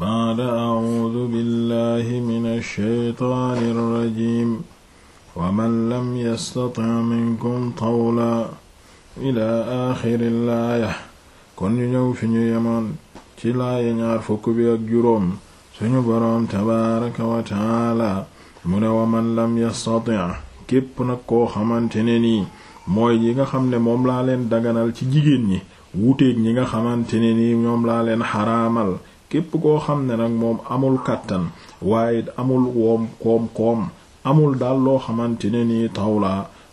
baada acuudu billahi min alsheytaani alrajim waman lam yastatic minkum tawla ila axiri laaya kon ñu ñëw fi ñu yemoon ci lay ñaar fukk bi ak juróom suñu boroom tabaaraka wa mu ne waman lam yastatic képp nag koo xamante ne nii mooy yi nga xam ne moom laa leen daganal ci jigéen ñi wuuteeg ñi nga xamante ne nii ñoom laa leen xaraamal képp koo xam ne nag moom amul kàttan waaye amul woom koom-koom amul daal loo xamante ne nii tawla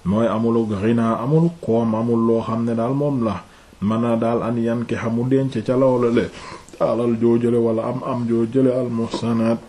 mooy amulug rinaa amul koom amul loo xam ne daal moom la mën a daal an yan ki xamu denc ca loola le alal joo jële wala am am joo jële almuhsanaat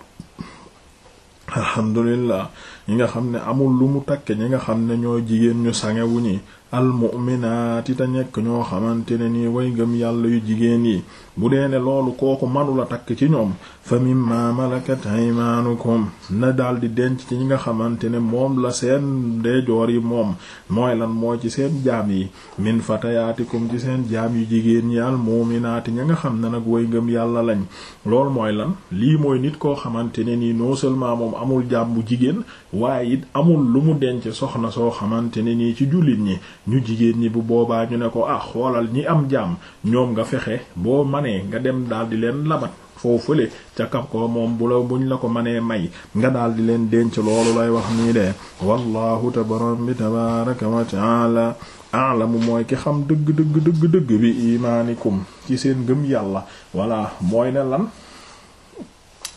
alhamdulillah ñi nga xam ne amul lu mu takke ñi nga xam ne ñoo jigéen ñu sangewuñi almu'minaati te nekk ñoo xamante ne nii way ngëm yàlla yu jigéen yi bu dee ne loolu kooku manula takk ci ñoom fa mimma malakat aymaanukum na daldi denc ci ñi nga xamante ne moom la seen deejoor yi moom mooy lan moo ci seen jaam yi min fatayaatikum ci seen jaam yu jigéen yi almu'minaati ña nga xam ne nag way ngëm yàlla lañ lool mooy lan lii mooy nit koo xamante ne nii non seulement moom amul jaam bu jigéen waaye it amul lu mu denc soxna soo xamante ne nii ci jullit ñi ñu jigéen ñi bu boobaa ñu ne ko ah xoolal ñi am jàmm ñoom nga fexe boo manee nga dem daal di leen labat foofule ca kap ko moom bu la buñ la ko manee may nga daal di leen denc loolu lay wax nii de wallahu tabaram bi tabaraka wa taala aalamu mooy ki xam dëgg dëgg dëgg dëgg bi imaanikum ci seen gëm yàlla walla mooy ne lan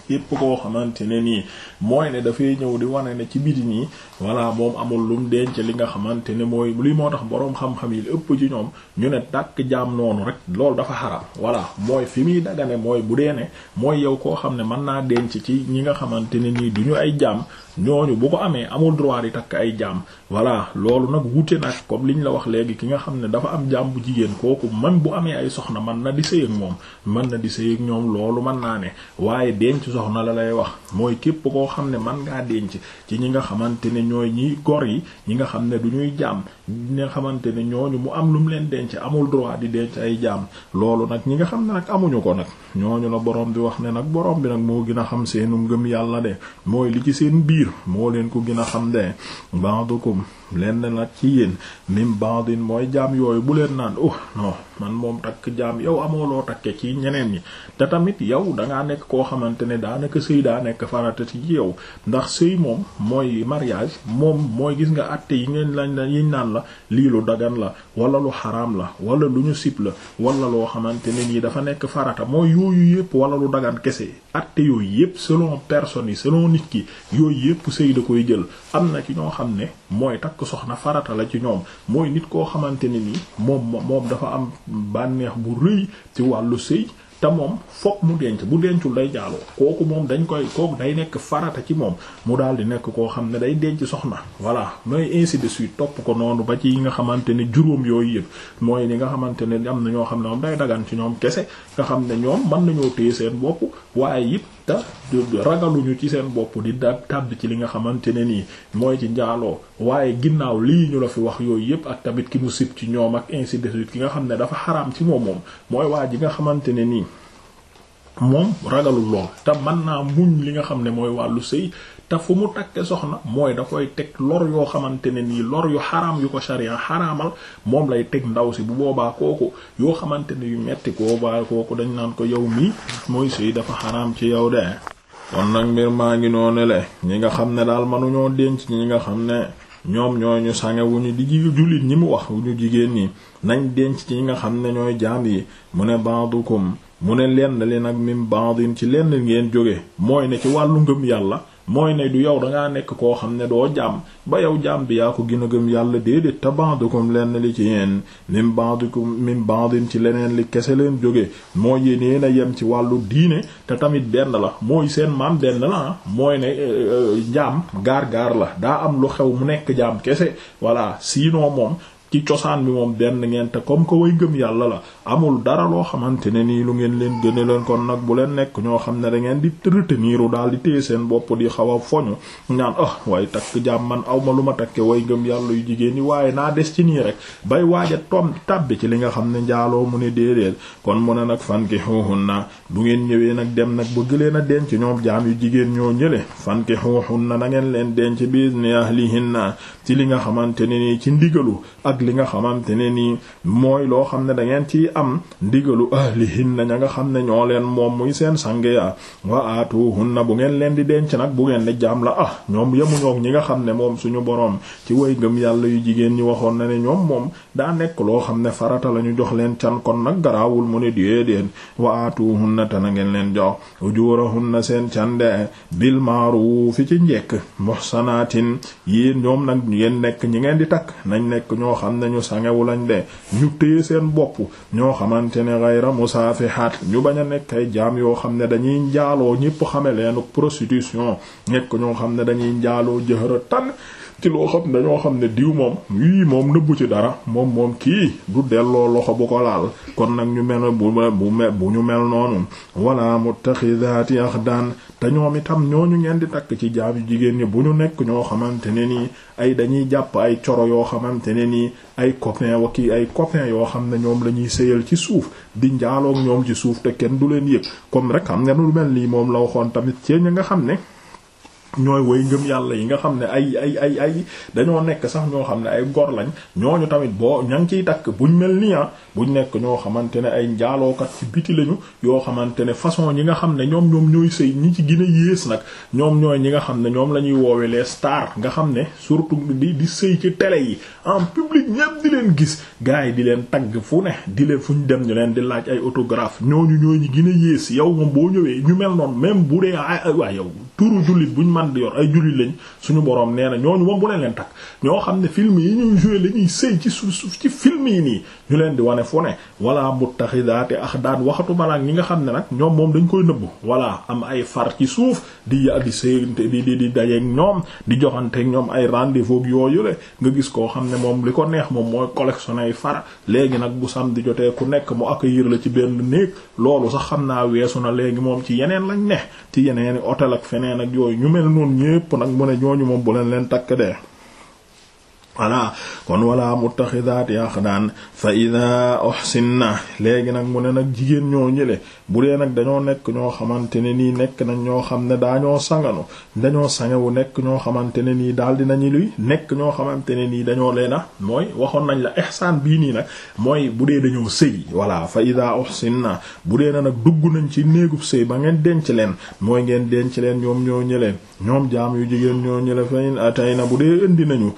képp koo xamante ne nii mooy ne dafay ñëw di wane ne ci biti nii voilà moom amul lum denc li nga xamante ne mooy li moo tax boroom xam-xam yi li ëpp ci ñoom ñu ne tàkk jaam noonu rek loolu dafa xaram voilà mooy fi muy dagane mooy bu dee ne mooy yow koo xam ne mën naa denc ci ñi nga xamante ne nii duñu ay jaam ñooñu bu ko amee amul droit yi takk ay jaam voilà loolu nag wute nag comme liñ la wax léegi ki nga xam ne dafa am jaam bu jigéen kooku man bu amee ay soxna man na di moom man na di ñoom loolu mën naa ne soxna la lay wax mooy képp koo xam ne man ngaa denc ci ñi nga xamante ne ñooy ñiy gor yi ñi nga xam ne du ñuy jaam ñi nga xamante ne ñooñu mu am lu mu leen denc amul droit di denc ay jaam loolu nag ñi nga xam ne ak amuñu ko nag ñooñu la borom bi wax ne nag borom bi nag moo gën a xam seenu ngëm yàlla de mooy li ci seen biir moo leen ko gën a xam de ba'dukum lenn nag ci yéen mim bandin mooy jaam yooyu bu leen naan oh non man moom takk jaam yow amoo loo takke ci ñeneen ñi te tamit yow dangaa nekk koo xamante ne daanaka sëy daa nekk farata ci yow ndax sëy moom mooy mariage moom mooy gis nga àtte yi ngeen lañ la yiñ naan la lii lu dagan la wala lu xaraam la wala lu ñu sib la wala loo xamante ne nii dafa nekk farata mooy yooyu yépp wala lu dagan kese àtte yooyu yépp selon personne yi selon nit ki yooyu yépp sëy da koy jël am na ci ñoo xam ne takk soxna farata la ci ñoom mooy nit koo xamante ne nii moom moom dafa am bànneex bu rëy ci wàllu sëy te moom fokk mu denc bu dencul day jaaloo kooku moom dañ koy kooku day nekk farata ci moom mu daal di nekk koo xam ne day denc soxna voilà mooy ainsi de suite topp ko noonu ba ci yi nga xamante ne juróom yooyu yëpp mooy li nga xamante ne am na ñoo xam ne moom day dagan ci ñoom kese nga xam ne ñoom mën nañoo téye seen bopp waaye it te ragaluñu ci seen bopp di dab tàbb ci li nga xamante ne nii mooy ci njaaloo waaye ginnaaw lii ñu la fi wax yooyu yépp ak tamit ki mu sib ci ñoom ak insi de suite ki nga xam ne dafa xaram ci moom moom mooy waa ji nga xamante ne nii moom ragalul lool te man naa muñ li nga xam ne mooy wàllu sëy te fu mu takke soxna mooy da koy teg lor yoo xamante ne nii lor yu xaraam yu ko sharia xaraamal moom lay teg ndaw si bu boobaa kooku yoo xamante ne yu metti koo baa kooku dañ naan ko yow mii mooy sëy dafa xaraam ci yow de kon nag mbir maa ngi noonu le ñi nga xam ne daal mënuñoo denc ñi nga xam ne ñoom ñooñu sangewuñu di jullit ñi mu wax ñu jigéen ñi nañ denc ci ñi nga xam ne ñooy jaam yi mu ne ba'dukum mu ne lenn li nag min bandin ci lenn ngeen jóge mooy ne ci wàllu ngëm yàlla mooy ne du yow dangaa nekk koo xam ne doo jaam ba yow jaam bi yaa ko gën a gëm yàlla déedéet te bandukum lenn li ci yéen min bandukum min bandin ci leneen li kese leen jóge mooy yéen yéen a yem ci wàllu diine te tamit benn la mooy seen maam benn la ah mooy ne euh, euh, jaam gaar gaar la daa am lu xew mu nekk jaam kese voilà sinon moom ci cosaan bi moom benn ngeen te comme que way gëm yàlla la amul dara loo xamante ne nii lu ngeen leen gëne leen kon nag bu leen nekk ñoo xam ne da ngeen di retenir daal di téye seen bopp di xaw a foñu ñaan ah waaye takk jaam man aw ma lu ma takke way gëm yàlla yu jigéen ñi waaye naa des ci nii rek bay waaja tom tàbbi ci li nga xam ne njaaloo mu ne déedéet kon mu ne nag fankihuhunna bu ngeen ñëwee nag dem nag bëgg leen a denc ñoom jaam yu jigéen ñoo ñële fankihuhunna na ngeen leen denc bi ahlihinna ci li nga xamante ne nii ci ndigalu li nga xamante ne nii mooy loo xam ne da ngeen ciy am ndigalu ahlihinna ña nga xam ne ñoo leen moom muy seen sang ya wa aatuhunna bu ngeen leen di denc nag bu ngeen ne jaam la ah ñoom ñook ñi nga xam ne moom suñu boroom ci way gëm yàlla yu jigéen ñi waxoon na ne ñoom moom daa nekk loo xam ne farata la ñu jox leen can kon nag garaawul mu ne déedéet wa aatuhunna te na ngeen leen jox ujurahunna seen can de bil fi ci njekk muhsanatin yéen ñoom nag nekk ñi ngeen di takk xam ne ñu sangewu lañ de ñu téye seen bopp ñoo xamante ne gayra musaafihaat ñu bañ a nekk ay jaam yoo xam ne dañuy njaaloo ñépp xame leen prostitution nekk ñoo xam ne dañuy njaaloo jëhëratan ci loo xam ne xam ne diw moom yii moom nëbbu ci dara moom moom kii du delloo loxo bu ko laal kon nag ñu mel bu mel bu ñu mel noonu wala muttaxidaati axdaan te ñoom itam ñooñu ngeen di takk ci jaamu jigéen ñi bu ñu nekk ñoo xamante ne nii ay dañuy jàpp ay coro yoo xamante ne nii ay copain wa kii ay copain yoo xam ne ñoom la ñuy séyal ci suuf di njaaloog ñoom ci suuf te kenn du leen yëg comme rek am nga lu mel nii moom la waxoon tamit ci ñi nga xam ne ñooy way ngëm yàlla yi nga xam ne ay ay ay ay dañoo nekk sax ñoo xam ne ay gor lañ ñooñu tamit boo ña ngi ciy takk buñ mel nii ah buñ nekk ñoo xamante ne ay njaalookat ci biti lañu yoo xamante ne façon ñi nga xam ne ñoom ñoom ñooy sëy ñi ci gën a yées nag ñoom ñooy ñi nga xam ne ñoom la ñuy woowe les stars nga xam ne surtout di di sëy ci télé yi en public ñépp di leen gis gars yi di leen tagg fu ne di leen fu ñu dem ñu leen di laaj ay autographe ñooñu ñooy ñi gën a yées yow moom boo ñëwee ñu mel même bu dee yow man di yor ay jullit lañ suñu borom nee na ñooñu moom bu leen leen takk ñoo xam ne film yi ñuy joué ñuy sëy ci suuf ci film yi nii ñu leen di wane fu ne wala muttaxidaati axdaan waxatu malaak ñi nga xam ne nag ñoom moom dañ koy nëbb wala am ay far ci suuf di ya di sëyante di di di dajeeg ñoom di joxanteeg ñoom ay rendez-vous yooyu le nga gis koo xam ne moom li ko neex moom mooy collectionner ay far léegi nag bu samedi jotee ku nekk mu accueillir la ci benn néeg loolu sax xam naa weesu na noonu ñépp nag mu ne ñooñu moom bu leen leen takk voilà kon wala muttaxidaati axdaan fa ida ohsinna léegi nag mu ne nag jigéen ñoo ñële bu dee nag dañoo nekk ñoo xamante ne nii nekk nañ ñoo xam ne daañoo sanganu dañoo sangewu nekk ñoo xamante ne nii daal di nañu luy nekk ñoo xamante ne nii dañoo leena mooy waxoon nañ la ihsaan bii nii nag mooy bu dee dañoo sëy voilà fa ida ohsinna bu dee na nag dugg nañ ci néegub sëy ba ngeen denc leen mooy ngeen denc leen ñoom ñoo ñële ñoom jaam yu jigéen ñoo ñële fa in na bu dee indi nañu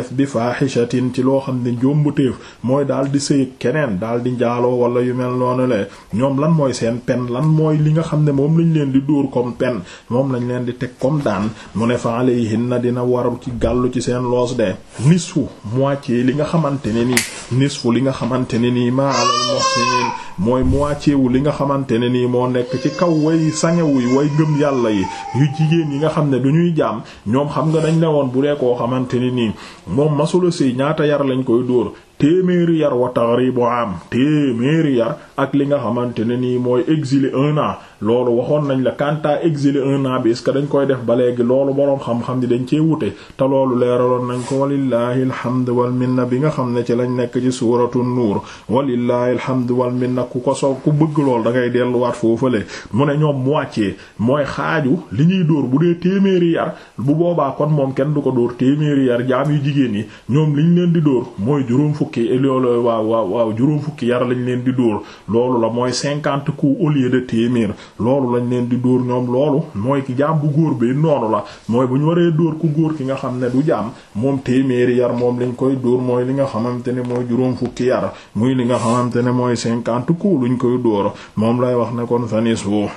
def bi faaxishatin ci loo xam ne njombuteef mooy daal di sëyëg keneen daal di njaaloo wala yu mel noonu le ñoom lan mooy seen pen lan mooy li nga xam ne moom lañ leen di dóor comme pen moom lañ leen di teg comme daan mu ne fa alayhinna dina waru ci gàllu ci seen loos de nisfu moitié li nga xamante ne nii nisfu li nga xamante ne nii ma alal muhsinin mooy moitié wu li nga xamante ne nii moo nekk ci kaw way sañawuy way gëm yàlla yi yu jigéen yi nga xam ne duñuy ñuy jaam ñoom xam nga dañ ne woon bu dee koo xamante ne nii moom masula sëy ñaata yara lañ koy dóor téeméeri yar wa taghribu am téeméeri yar ak li nga xamante ne nii mooy exilé un an loolu waxoon nañ la kanta exile un an bi est que dañ koy def ba léegi loolu boroom xam-xam di dañ cee wute te loolu leeraloon nañ ko walillahi alhamdu wal minna bi nga xam ne ci lañ nekk ci suuratu nuur walillahi alhamdu wal minna ku ko so ku bëgg lool da ngay delluwaat foofale mu ne ñoom moitié mooy xaaju li ñuy dóor bu dee téeméeri yar bu boobaa kon moom kenn du ko dóor téeméeri yar jaam yu jigéen ki loolu waaw waaw waaw juróom fukki yar lañ leen di dóor loolu la mooy cinquante coups au lieu de téeméer loolu lañ leen di dóor ñoom loolu mooy ki jaam bu góor bi noonu la mooy bu ñu waree dóor ku góor ki nga xam ne du jaam moom téeméeri yar moom lañ koy dóor mooy li nga xamante ne mooy juróom fukki yar muy li nga xamante ne mooy cinquante coups luñ koy dóor moom lay wax ne kon fanis wo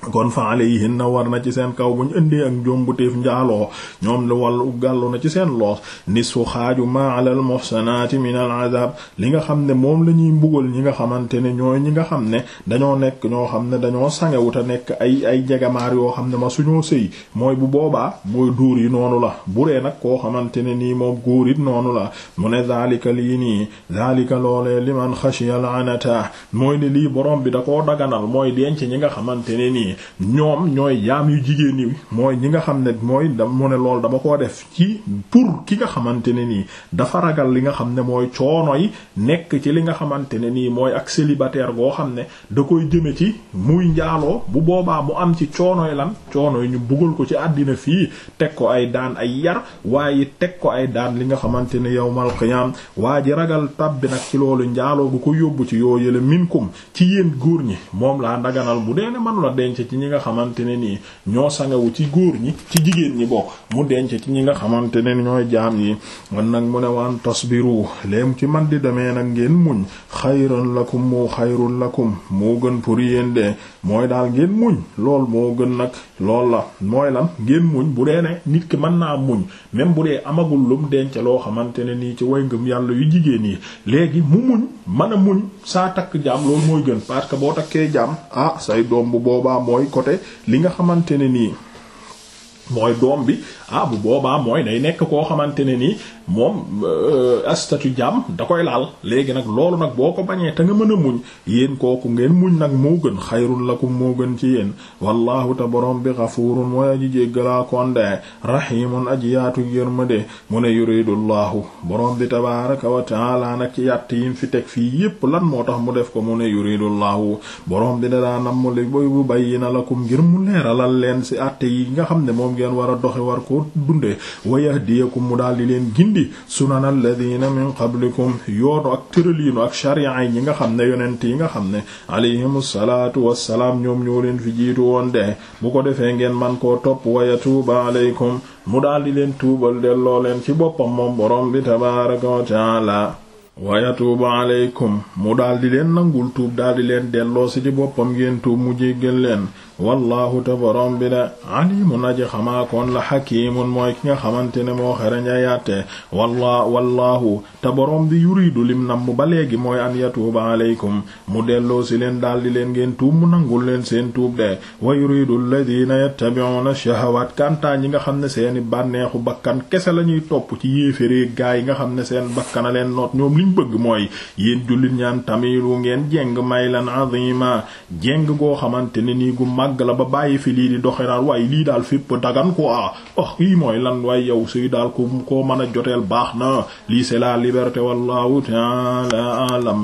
kon fa na war na ci seen kaw bu ñu indee ak njombuteef njaaloo ñoom lu wàllu gàllu na ci seen loos nisfu xaaju ma ala al muhsanaati min al azab li nga xam ne moom la ñuy mbugal ñi nga xamante ne ñooy ñi nga xam ne dañoo nekk ñoo xam ne dañoo sangewut a nekk ay ay jegamaar yoo xam ne ma suñoo sëy mooy bu boobaa mooy duur yi noonu la bu nag koo xamante ne nii moom góor it noonu la mu ne zaalika lii nii zaalika loolee liman xashiya al anata mooy lii borom bi da koo daganal mooy ñi nga xamante ne nii nii ñoom ñooy jaam yu jigéen ñi mooy ñi nga xam ne mooy da mu ne lool dama koo def ci pour ki nga xamante ne nii dafa ragal li nga xam ne mooy coono yi nekk ci li nga xamante ne nii mooy ak célibataire goo xam ne da koy jëme ci muy njaaloo bu boobaa mu am ci coonoy lan coono yi ñu buggal ko ci àddina fii teg ko ay daan ay yar waaye teg ko ay daan li nga xamante ne yawmal qiyaam waa ji ragal tab bi nag ci loolu njaaloo gu ko yóbbu ci yoo yële minkum ci yéen góor ñi ci ñi nga xamante ne nii ñoo sangawu ci góor ñi ci jigéen ñi bokk mu denc ci ñi nga xamante ne ñooy jaam yi wan nag mu ne waan tasbiru leem ci man di demee nag ngeen muñ xayran lakum moo xayrun lakum moo gën pour yéen de mooy daal ngeen muñ lool moo gën nag lool la mooy lan ngeen muñ bu dee ne nit ki mën naa muñ même bu dee amagul lum denc loo xamante ne nii ci way ngëm yàlla yu jigéen yi léegi mu muñ mën a muñ saa takk jaam loolu mooy gën parce que boo takkee jaam ah say doom bu boobaa mooy côté li nga xamante ne nii mooy doom bi ah bu boobaa mooy day nekk koo xamante ne nii moom euh, statut jaam da koy laal léegi nag loolu nag boo ko bañee te nga mën a muñ yéen kooku ngeen muñ nag moo gën xayrun lakum moo gën ci yéen wallahu te borom bi xafuurun mooy aji jéggalaa konde rahimun aji yaatu yërmande mu ne yuridullahu borom bi tabaraka wa taala nag ci yàtt yim fi teg fii yépp lan moo tax mu def ko mu ne yuridullahu borom bi dadaa nam mu li bu bayyi na lakum ngir mu leeralal leen ci àtte yi nga xam ne moom ngeen war a doxe war koo dundee wa yahdiyakum mu daal di leen gindi sunan alladina min qablikum yoonu ak tëraliinu ak sharia yi nga xam ne yonent yi nga xam ne alayhim salaatu wassalaam ñoom ñoo leen fi jiitu woon de bu ko defee ngeen man koo topp wa yatuuba aleykum mu daal di leen tuubal delloo leen ci boppam moom borom bi tabaraka wa taala wa yatuuba aleykum mu daal di leen nangul tuub daal di leen delloo si ci boppam ngeen tuub mu jéggal leen wallahu te borom bi de alimun aji xamaakoon la xakimun mooy ki nga xamante ne moo xereñ a yatte walla wallahu te boroom bi yuridu lim nam ba léegi mooy an yatuuba aleykum mu delloo si leen daldi leen ngeen tuub mu nangul leen seen tuub de wa yuridu alladina yattabi'una shahawaat kantaa yi nga xam ne seeni bànneexu bakkan kese la ñuy topp ci yéeféree gaa yi nga xam ne seen bakkana leen noot ñoom liñ bëgg mooy yéen jullit ñaan tamilu ngeen jeng maylan màgg la ba bàyyi fi lii di doxe daal waaye lii daal fépp dagan quoi ah oh, lii mooy lan waaye yow suy daal ku koo mën a joteel baax na lii c'est la liberté wallahu ta'ala alam